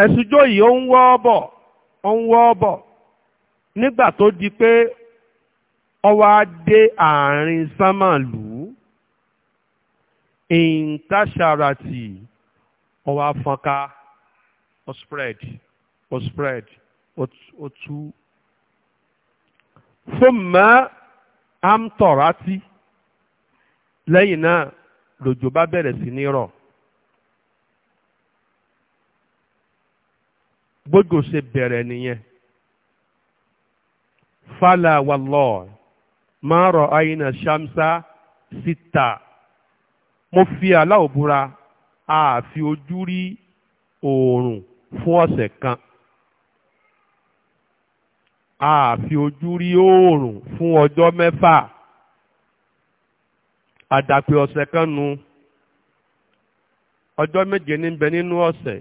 ẹ̀sùjọ́ yìí ó ń wọ́ ọ̀bọ̀ ó ń wọ́ ọ̀bọ̀ nígbà tó di pé ó wá dé àárín sánmàlú ìǹtàṣàràtì ó wá fọ́nká ó spread ó spread ó tú fún mọ́ amtọ̀ràtì lẹ́yìn náà lòjò bá bẹ̀rẹ̀ sí ní rọ̀. gbogbo ṣe bẹ̀rẹ̀ nìyẹn fàlà wàlọ́ máa rọ̀ àyínà ṣàmṣá síta mo fi aláwọ̀ búra àfi ojú rí oòrùn fún ọ̀sẹ̀ kan àfi ojú rí oòrùn fún ọjọ́ mẹ́fà àdàpè ọ̀sẹ̀ kan nu ọjọ́ méje ní bẹ nínú ọ̀sẹ̀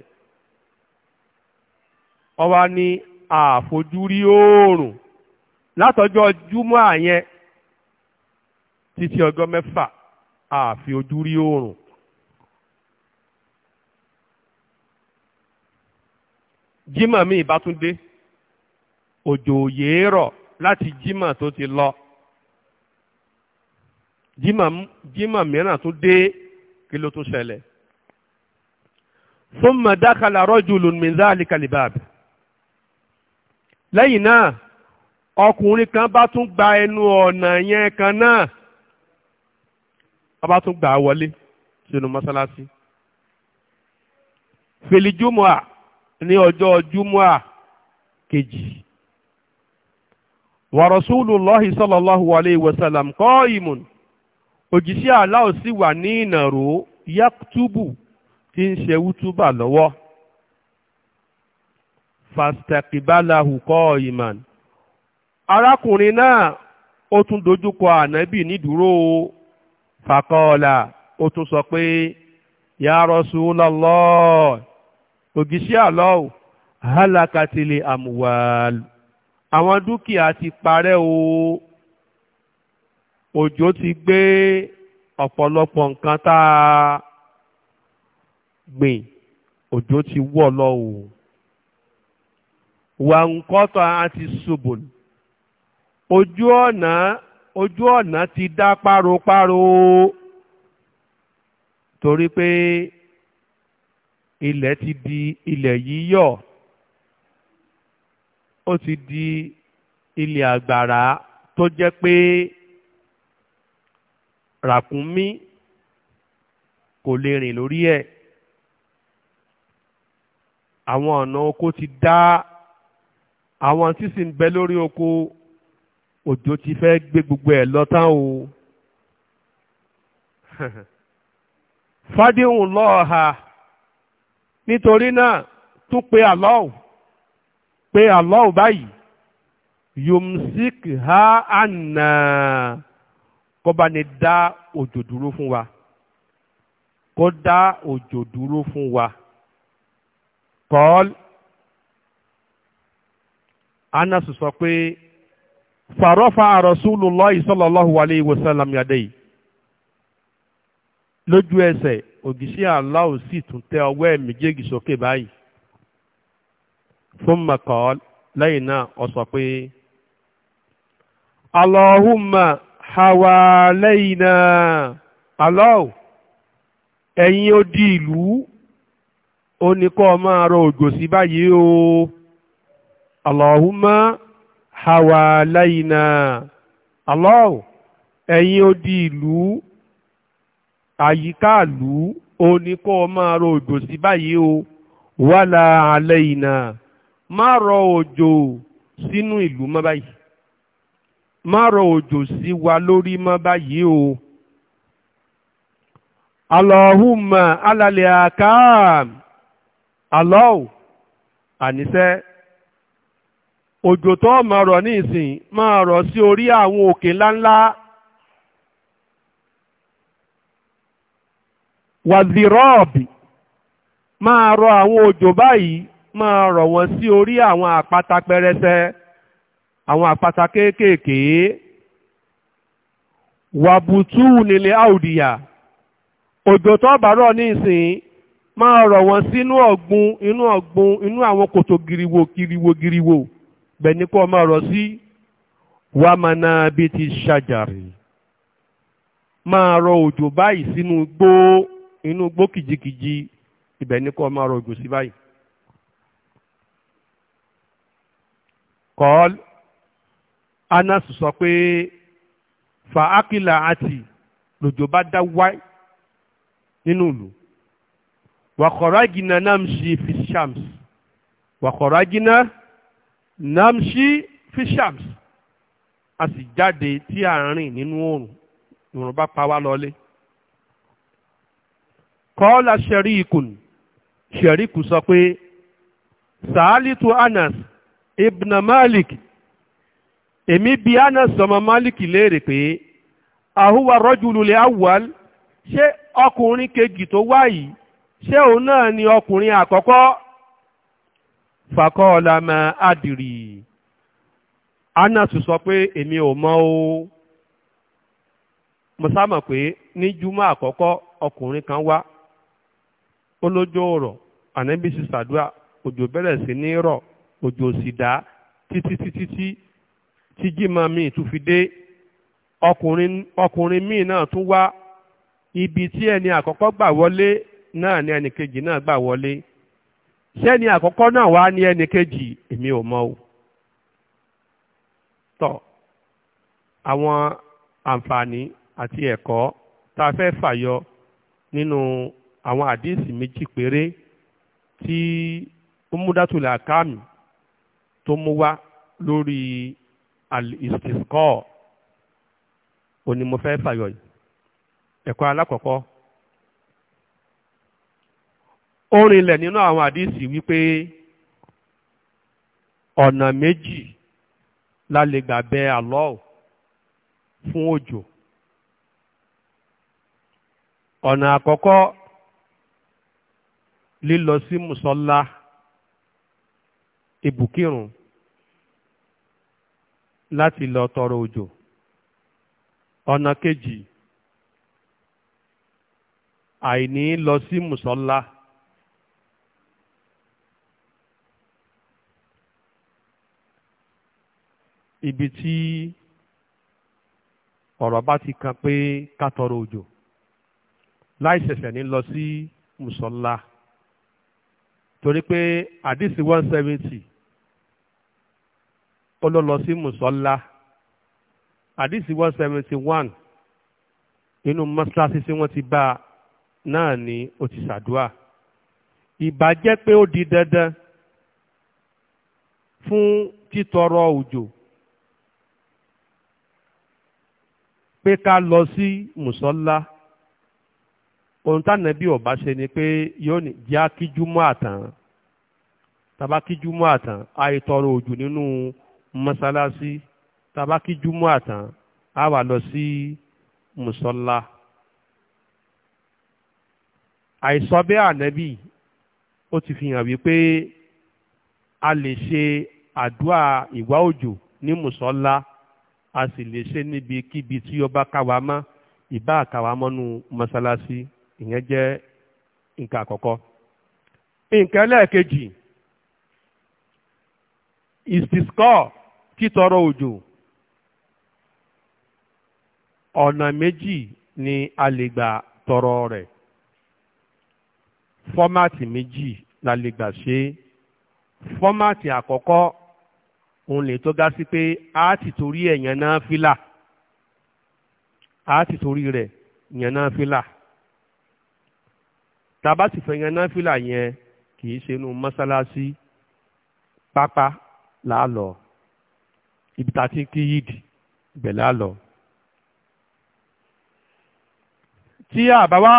ó wá ní àfojúrí oòrùn látọjọ́ júmọ́ àyẹn títí ọjọ́ mẹ́fà àfi ojú rí oòrùn. jímọ̀ mi ìbátúndé òjò òye rọ̀ láti jímọ̀ tó ti lọ jímọ̀ mìíràn tún dé kí ló tún ṣẹlẹ̀. fún mọ̀dákàlà rọ́jùlùmí záàlì kàlíbàbì lẹ́yìn náà ọkùnrin kan bá tún gba ẹnu ọ̀nà yẹn kan náà ọba tún gbà á wọlé sínú mọ́sálásí felijumua ní ọjọ́ jumua kejì wa rasulullahi sallallahu alayhi wa sallam qa'imun òjìṣẹ́ Allah wà ní ìnàró yaktubu tí ń ṣe wútúbà lọ́wọ́. fastakibalahu kọ́ ìmàn. arákùnrin náà ó tún dojúkọ ànábì nídúró fàkọọ̀là ó tún sọ pé ya Rasulullah ògìṣẹ́ àlọ́ọ̀ halakatili amuwal àwọn dúkìá ti parẹ́ o òjò ti gbé ọ̀pọ̀lọpọ̀ nǹkan tá a gbìn òjò ti wọ̀ lọ wà ń kọ́tọ̀ àti ṣubùn ojú ọ̀nà ojú ọ̀nà ti dá páropáro torí pé ilẹ̀ ti di ilẹ̀ yíyọ̀ ó ti di ilẹ̀ àgbàrá tó jẹ́ pé ràkúnmí kò lè rìn lórí ẹ̀ àwọn ọ̀nà oko ti dá àwọn tí sì ń bẹ lórí oko òjò ti fẹ́ gbé gbogbo ẹ̀ lọ tán o fádíhùn lọ́ọ̀ha nítorí náà tún pe àlọ́ọ̀ pe àlọ́ọ̀ báyìí yomsik ha ànà kó bá ní dá òjò dúró fún wa kó dá òjò dúró fún wa kọ́ọ́lù. anas sọ pé farofa rasulullah sallallahu alayhi wa sallam yàdé yìí lójú ẹsẹ̀ ògìṣẹ́ Allah sì tún tẹ ọwọ́ ẹ̀ méjèèjì sókè báyìí fún mẹ́kọ́ lẹ́yìn náà ó sọ pé Allahumma hawalaina Allah ẹ̀yin ó odi ìlú ó ní kọ́ ọ báyìí o. Allahumma hawalaina Allah ẹ̀yin odi ìlú àyíká ìlú ó ní kó máa rọ òjò sí báyìí o wala alaina máa rọ òjò sínú ìlú mọ́ báyìí rọ òjò sí wa lórí mọ́ báyìí o. òjò tó máa rọ ní ìsìn máa rọ̀ sí orí àwọn òkè ńláńlá wàzírọ́ọ̀bì máa rọ àwọn òjò báyìí máa rọ wọn sí orí àwọn àpáta pẹrẹsẹ àwọn àpáta kéékèèké wàbùtú nílé àùdìyà òjò tó bá rọ̀ ní ìsìn máa rọ̀ wọ́n sínú ọ̀gbun inú ọ̀gbun inú àwọn kòtò giriwo giriwo giriwo. giriwo bẹ́ẹ̀ ni kó o máa rọ̀ sí wà mànà bíi ti ṣàjàrì máa rọ òjò báyìí sínú igbó inú igbó kìjikìji ibẹ̀ ni kó o máa rọ òjò sí báyìí. kọ́ọ́l Anas sọ pé fa akila àti lòjò bá dá wáyé nínú ìlú wàkọ̀rọ̀ àjìnà náà ń ṣe fi ṣàmùsì wàkọ̀rọ̀ àjìnà namshi fishams a sì jáde tí a ń rìn nínú oòrùn ìrùn bá pa wá lọlé kọ́ọ́lá sherikun sheriku sọ pé sàálìtú anas ibn malik èmi bi anas ọmọ malik léèrè pé àhúwa rọ́júlulẹ̀ awwal ṣé ọkùnrin kejì tó wáyìí ṣé òun náà ni ọkùnrin àkọ́kọ́ fakọọla ma adịrị anasu sọ pé èmi ò mọ o mo sá pé ní júmọ́ àkọ́kọ́ ọkùnrin kan wá olójó ọ̀rọ̀ ànábì sì ṣàdúrà òjò bẹ̀rẹ̀ sí ní rọ òjò sì dá títí títí tí tí jimá míì tún fi dé ọkùnrin ọkùnrin míì náà tún wá ibi tí ẹni àkọ́kọ́ gbà wọlé náà ni ẹnìkejì náà gbà wọlé sẹ́ni àkọ́kọ́ náà wá ní ẹnì kejì èmi ò mọ̀ o tọ́ àwọn àǹfààní àti ẹ̀kọ́ tá a fẹ́ fàyọ nínú àwọn àdíìsì méjì péré tí umudatula kami tó mú wá lórí al-istisqa òní mo fẹ́ fàyọ yìí ẹ̀kọ́ alákọ̀ọ́kọ́ ó n'inu nínú àwọn àdísì wípé ọ̀nà méjì la lè bẹ Allah fún òjò ọ̀nà àkọ́kọ́ lílọ sí mùsọ́lá lati láti lọ tọrọ òjò ọ̀nà kejì àìní lọ sí Si ibi tí ọ̀rọ̀ bá ti kan pé ká tọrọ òjò láì ṣẹ̀ṣẹ̀ ní lọ sí mùsọ̀lá torí pé àdìsí one seventy ó ló lọ sí mùsọ̀lá àdìsí one seventy one nínú mọ́ṣáláṣí tí wọ́n ti bá a náà ni ó ti ṣàdúà ìbá jẹ́ pé ó di dandan fún títọrọ òjò pé ká lọ sí mùsọ́lá ohun tánàbí ọba ṣe ni pé yóò ní jẹ́ kíjúmọ́ àtàn tàbá kíjúmọ́ àtàn àìtọrọ òjò nínú mọ́sálásí tàbá kíjúmọ́ àtàn á wà lọ sí mùsọ́lá àìsọ bẹ́ẹ̀ ànábì ó ti fi hàn wípé a lè ṣe àdúrà ìwá òjò ní mùsọ́lá a sì lè ṣe níbi kíbi tí ó bá káwa mọ́ ìbá àkàwà mọ́nú mọ́sálásí ìyẹn jẹ́ nǹkan àkọ́kọ́. nǹkan ẹlẹ́ẹ̀kejì ìsìsíkọ́ títọrọ òjò ọ̀nà méjì ni a lè gbà tọrọ rẹ̀ fọ́mátì méjì la lè gbà ṣe fọ́mátì òun lè tó ga sí pé a ti torí ẹ̀ yàn náà fílà a ti torí rẹ̀ yàn náà fílà tá a bá sì fẹ́ yàn náà fílà yẹn kì í ṣe inú mọ́sálásí pápá láàlọ́ ibi tá a ti ń kí yídì ibẹ̀ láàlọ́. tí àbáwá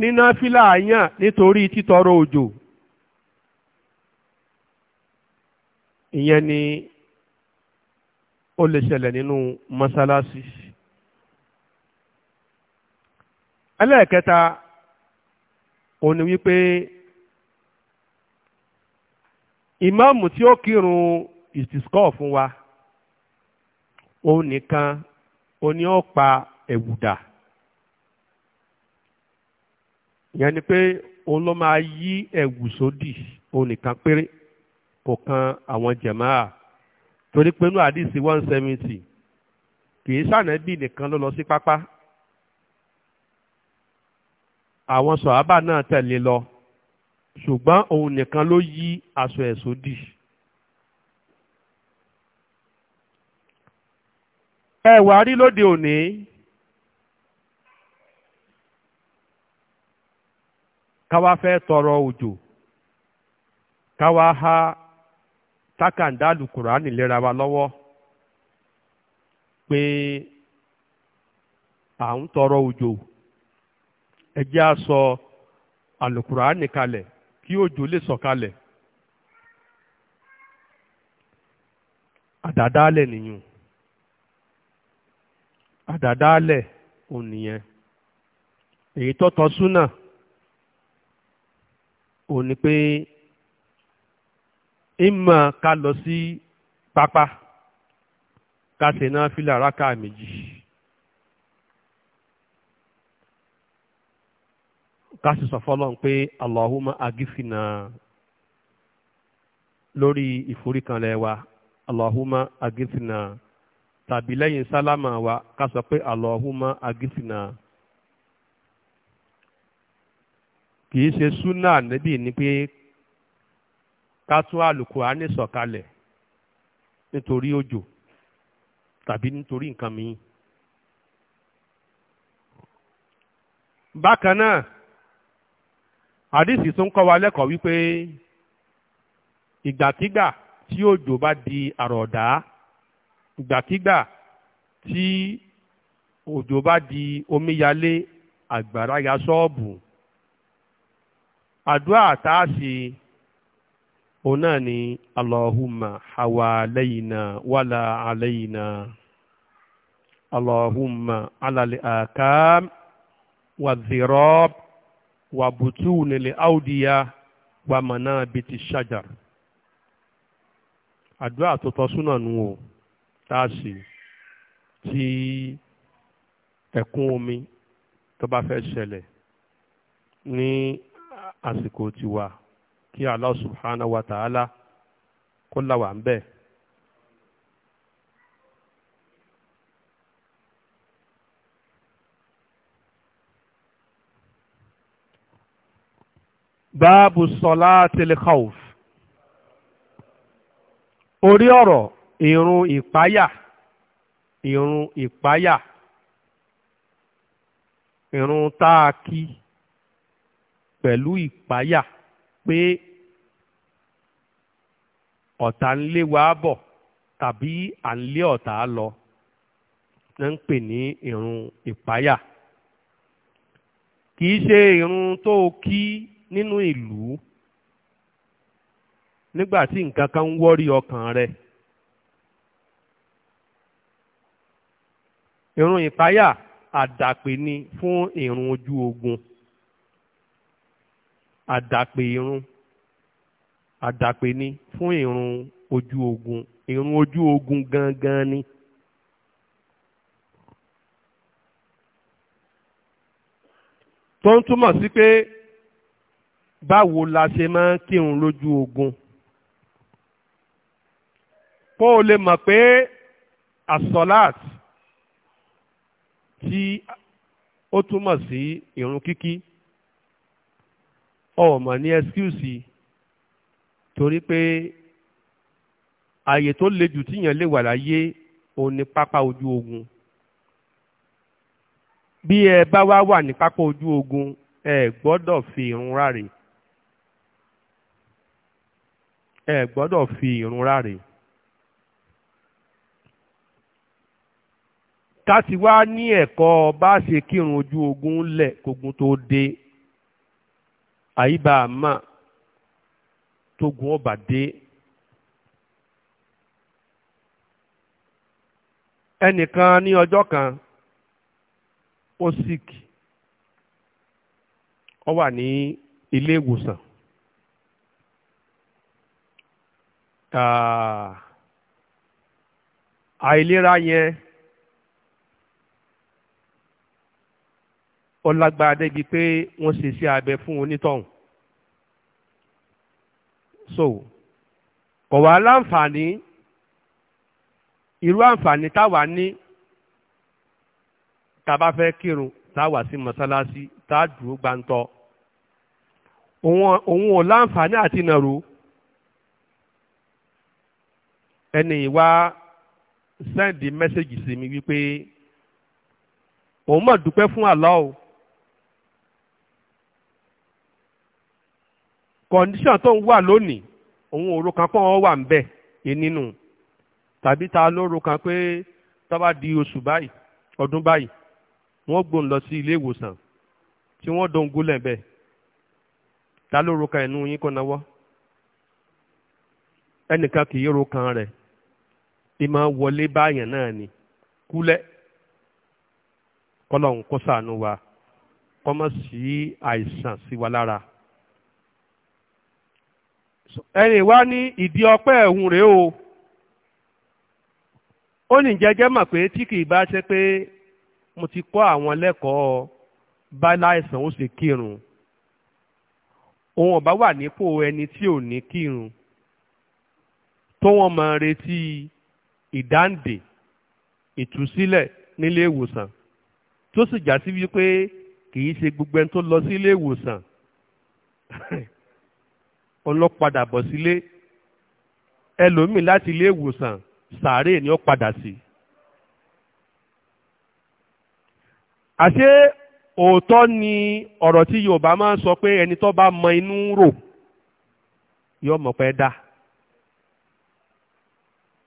níná fílà yàn nítorí títọrọ òjò ìyẹn ni ó lè ṣẹlẹ̀ nínú mọ́sálásí ẹlẹ́ẹ̀kẹta ó ní wípé ìmáàmù tí ó kírun fún wa ó nìkan ó ní ó pa ẹ̀wù ìyẹn ni pé òun ló máa yí ẹ̀wù sódì ó nìkan péré. kò kan àwọn jẹ̀máà torí pé inú àdìsí one seventy kìí sànẹ́bì nìkan ló lọ sí pápá àwọn sọ̀hábà náà tẹ̀lé lọ ṣùgbọ́n òun nìkan ló yí aṣọ ẹ̀ sódì. ẹ wàá rí lóde òní káwa fẹ́ tọrọ òjò káwa ha takanda àlùkùránì lera wa lọwọ pé à ń tọrọ òjò ẹ jẹ́ á sọ àlùkùránì kalẹ̀ kí òjò lè sọ kalẹ nìyẹn àdàdálẹ̀ ò nìyẹn èyí tó tọ́ súnà ò pé ìmọ̀ ka lọ sí pápá ka ṣe náà fílà rákà méjì ká sì sọ fọ́lọ́n pé Allahumma agífìnà lórí ìforíkanlẹ̀ wa ọhụma agífìnà tàbí lẹ́yìn sálámà wa ká sọ pé Allahumma agífìnà kìí ṣe súnà níbí ni pé ká tún àlùkùránì sọ̀kalẹ̀ nítorí òjò tàbí nítorí nǹkan mìíràn. bákan náà àdìsí tún kọ́ wa lẹ́kọ̀ọ́ wípé ìgbàkígbà tí òjò bá di àrọ̀dá ìgbàkígbà tí òjò bá di omíyalé àgbàrá ya ṣọ́ọ̀bù àdúrà tá a ṣe. Si, òun náà ni allahumma hawalayna wala alayna allahumma alali akam wa zirab wa butuni li audiya wa manabiti shajar àdúrà tó tọ́ súnà nù o tá a sì tí ẹ̀kún omi tó bá fẹ́ ṣẹlẹ̀ ní àsìkò tiwa kí Allah subhanahu wa ta'ala kó là wà ń bẹ̀. báàbù salatil khawf orí ọ̀rọ̀ ìrun ìpáyà ìrun ìpáyà ìrun tá pẹ̀lú ìpáyà pé ọ̀tá ń lé wa bọ̀ tàbí à ń lé ọ̀tá lọ náà ń pè ní ìrun ìpáyà kì í ṣe ìrun tó o kí nínú ìlú nígbà tí nǹkan kan ń wọ́rí ọkàn rẹ ìrun ìpáyà àdàpè ni fún ìrun ojú ogun àdàpè ìrun àdàpè ni fún ìrun ojú ogun ìrun ojú ogun gangan ni. tó ń túmọ̀ sí pé báwo la ṣe máa ń kírun lójú ogun kó o lè mọ̀ pé asọ́láàt tí ó túmọ̀ sí ìrun kíkí ọ̀ọ̀mọ̀ ní ẹ́skúùsì torí pé ààyè tó le jù tíyàn lè wà láyé òun ni pápá ojú ogun bí ẹ bá wá wà ní pápá ojú ogun ẹ gbọ́dọ̀ fi irun ráre ẹ gbọ́dọ̀ fi irun ráre káti wá ní ẹ̀kọ́ bá ṣe kírun ojú ogun lẹ̀ kógun tó dé àyíbá máa tógun ọba dé ẹnìkan ní ọjọ́ kan ó sick ó wà ní ilé ìwòsàn ah, àìlera yẹn ó lágbára débi pé wọ́n ṣe sí abẹ fún onítọ̀hún so kò wá láǹfààní irú àǹfààní táwa ní tàbá fẹ́ kírun táwa sí mọ́sálásí tá a dúró gbáǹtọ́ òun ò láǹfààní àti nàró ẹni ìwá sẹ́ǹdì mẹ́sẹ̀gì sí mi wípé òun mọ̀ dúpẹ́ fún Allah o. kọ̀ǹdíṣàn tó ń wà lónìí òun òru kan pọ́n wà ń bẹ̀ nínú tàbí ta lóru kan pé tó bá di oṣù báyìí ọdún báyìí wọ́n gbóhùn lọ sí ilé ìwòsàn tí wọ́n dóhùn gúnlẹ̀ bẹ́ẹ̀ ta ló ro kan ẹnu yín kó nawọ́ ẹnìkan kì í ro kan rẹ̀ bí máa wọlé báyàn náà ni kúlẹ̀ kọ́lọ́hún kó ṣàánú wa kọ́mọ̀ sí àìsàn sí wa lára ẹni wá ní ìdí ọpẹ́ ẹ̀hún rèé o ó ní jẹjẹ mọ̀ pé tí kì í bá ṣe pé mo ti kọ́ àwọn lẹ́kọ̀ọ́ báláìsàn ó sì kírun òun ọ̀bá wà nípò ẹni tí ò ní kírun tó wọ́n máa retí ìdáǹdè ìtúsílẹ̀ nílé ìwòsàn tó sì já sí wípé kì í ṣe gbogbo ẹni tó lọ sí ilé ìwòsàn òun ló padà bọ̀ sílé ẹlòmíì láti ilé ìwòsàn sàárè ni ó padà sí. àṣé òótọ́ ni ọ̀rọ̀ tí Yorùbá máa ń sọ pé ẹni tó bá mọ inú ń rò yóò mọ̀ pé dá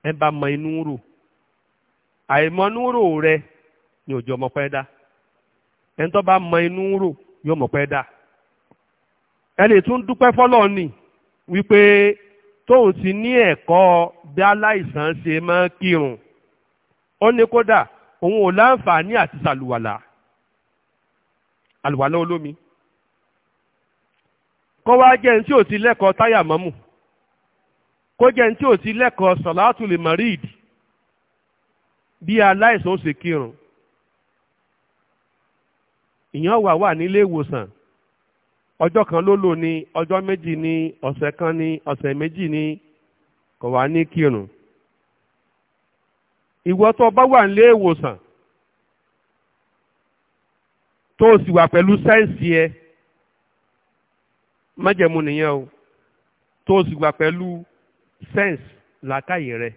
ẹ bá mọ inú ń rò àìmọ inú rò rẹ ni òjò mọ̀ pé dá ẹni tó bá mọ inú ń rò yóò mọ̀ pé dá ẹ lè tún dúpẹ́ fọ́lọ́ọ̀ nìí. wípé tóun ti ní ẹ̀kọ́ bí aláìsàn ṣe máa ń kírun ó ní kódà òun ò láǹfààní àti sàlùwàlà àlùwàlà olómi kó wá jẹ́ ní tí ò ti lẹ́kọ̀ọ́ táyà mọ́mù kó jẹ́ ní tí ò ti lẹ́kọ̀ọ́ sọ̀látùlì mọ̀ríìdì bí aláìsàn ó ṣe kírun ìyẹn wà wà nílé ìwòsàn ọjọ́ kan ló lò ní ọjọ́ méjì ní ọ̀sẹ̀ kan ní ọ̀sẹ̀ méjì ní kò wá ní kírun ìwọ tó bá wà nílé ìwòsàn tó o sì wà pẹ̀lú sáyẹ̀nsì ẹ májẹ̀mú nìyẹn o tó o sì wà pẹ̀lú sáyẹ̀nsì làákàyè rẹ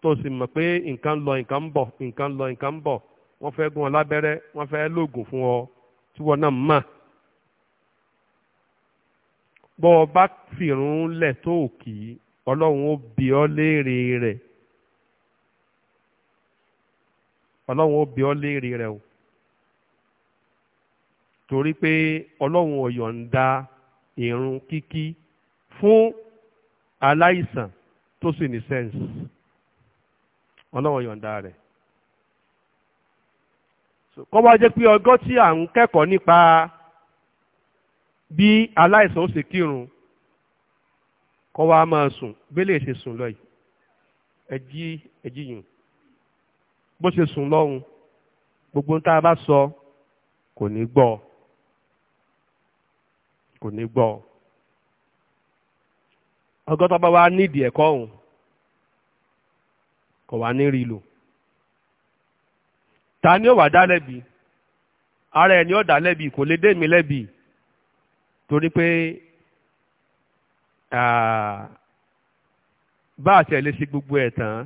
tó o sì mọ̀ pé nǹkan lọ nǹkan ń bọ̀ nǹkan lọ nǹkan ń bọ̀ wọ́n fẹ́ gún ọ lábẹ́rẹ́ wọ́n fẹ́ lóògùn fún ọ. tí wọ́n náà mọ̀ bọ́ ọ bá fìrún lẹ̀ tó òkì ọlọ́run ó bi ọ́ léèrè rẹ̀ ọlọ́run ó bi ọ́ léèrè rẹ̀ o torí pé ọlọ́run ò yọ̀ǹda ìrun kíkí fún aláìsàn tó sì ní sẹ́ǹsì ọlọ́run ò yọ̀ǹda rẹ̀ kọ́ wá jẹ́ pé ọgọ́ tí à ń kẹ́kọ̀ọ́ nípa bí aláìsàn ó ṣe kírun kọ́ wá máa sùn gbélé ṣe sùn lọ yìí ẹjí ẹjí yùn bó ṣe sùn lọ́hùn gbogbo ń tá a bá sọ kò ní gbọ́ kò ní gbọ́ ọgọ́ tó bá wá nídìí ẹ̀kọ́ ọ̀hún kò wá ní rí lò ta ni ó wà dá lẹ́bi ara ẹ̀ ni ó dá lẹ́bi kò lè dé mi lẹ́bi torí pé bá a tẹ̀lé sí gbogbo ẹ̀ tán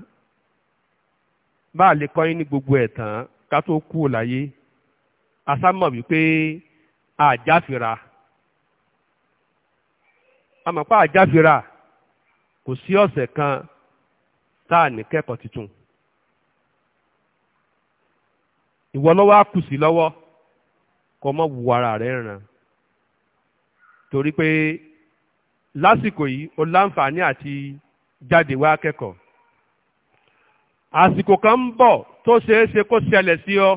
bá a lè kọ́ yín ní gbogbo ẹ̀ tán ká tó kú ò láyé asámọ̀ wípé àjáfira àmọ̀pá àjáfira kò sí ọ̀sẹ̀ kan tá a ní kẹ́kọ̀ọ́ tuntun. ìwọ lọwọ á lọwọ sí lọ́wọ́ kó ara rẹ ràn torí pé lásìkò yìí o láǹfààní àti jáde wá kẹ́kọ̀ọ́ àsìkò kan ń bọ̀ tó ṣeé ṣe kó ṣẹlẹ̀ sí ọ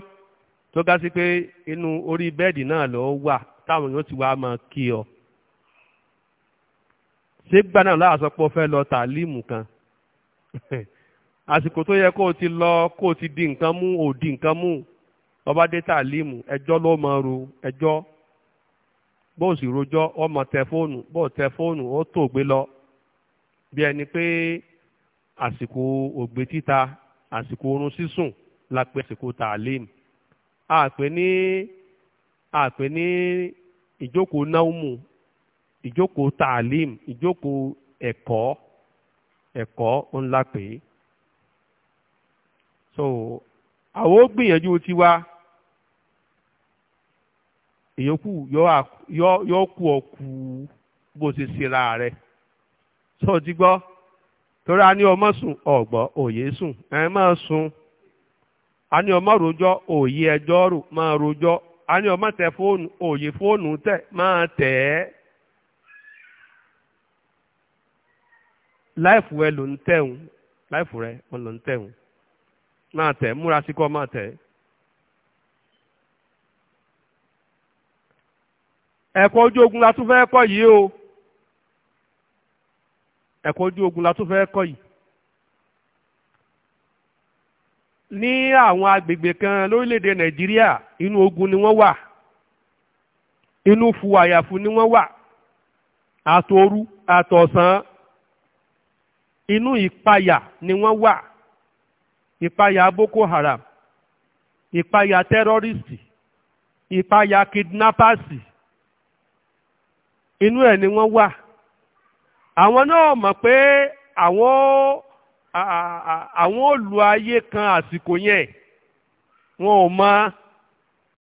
tó ga sí pé inú orí bẹ́ẹ̀dì náà lọ wà táwọn yóò ti wá máa kí ọ ṣé gbà náà fẹ pé ó fẹ́ lọ tàlímù kan àsìkò tó yẹ kó o ti lọ kó o ti di nǹkan mú ò di nǹkan mú ọba dé tàlímù ẹjọ́ ló máa ro ẹjọ́ bó sì rojọ́ ọmọ tẹ fóònù bó tẹ fóònù ó tó gbé lọ bí ẹni pé àsìkò ògbé títa àsìkò oorun sísùn la pè àsìkò tàlímù àpè ní àpè ní ìjókòó náùmù ìjókòó tàlímù ìjókòó ẹ̀kọ́ ẹ̀kọ́ ńlá pé so àwọn ó gbìyànjú tiwa ìyókù yóò kú ọkù bó ti rẹ tó ti gbọ torí a ní ọmọ sùn ọgbọ òye sùn ẹ máa sùn a ní ọmọ rojọ òye ẹjọ́ rò máa a ní ọmọ tẹ fóònù òye fóònù tẹ máa ẹ ń tẹ̀hún láìfù rẹ ń tẹ̀hún máa múra ẹ̀kọ́ ojú ogun la tún fẹ́ kọ́ yìí o ẹ̀kọ́ ojú ogun la tún fẹ́ kọ́ yìí. ní àwọn agbègbè kan lórílẹ̀‐èdè nàìjíríà inú ogun ni wọ́n wà inú fu àyàfu ni wọ́n wà àtòru àtọ̀sán inú ìpayà ni wọ́n wà ìpayà boko haram ìpayà tẹ́rọ́rìsì ìpayà kidnappers inú ẹ̀ ni wọ́n wà àwọn náà mọ̀ pé àwọn àwọn olùayé kan àsìkò yẹn wọn ò mọ̀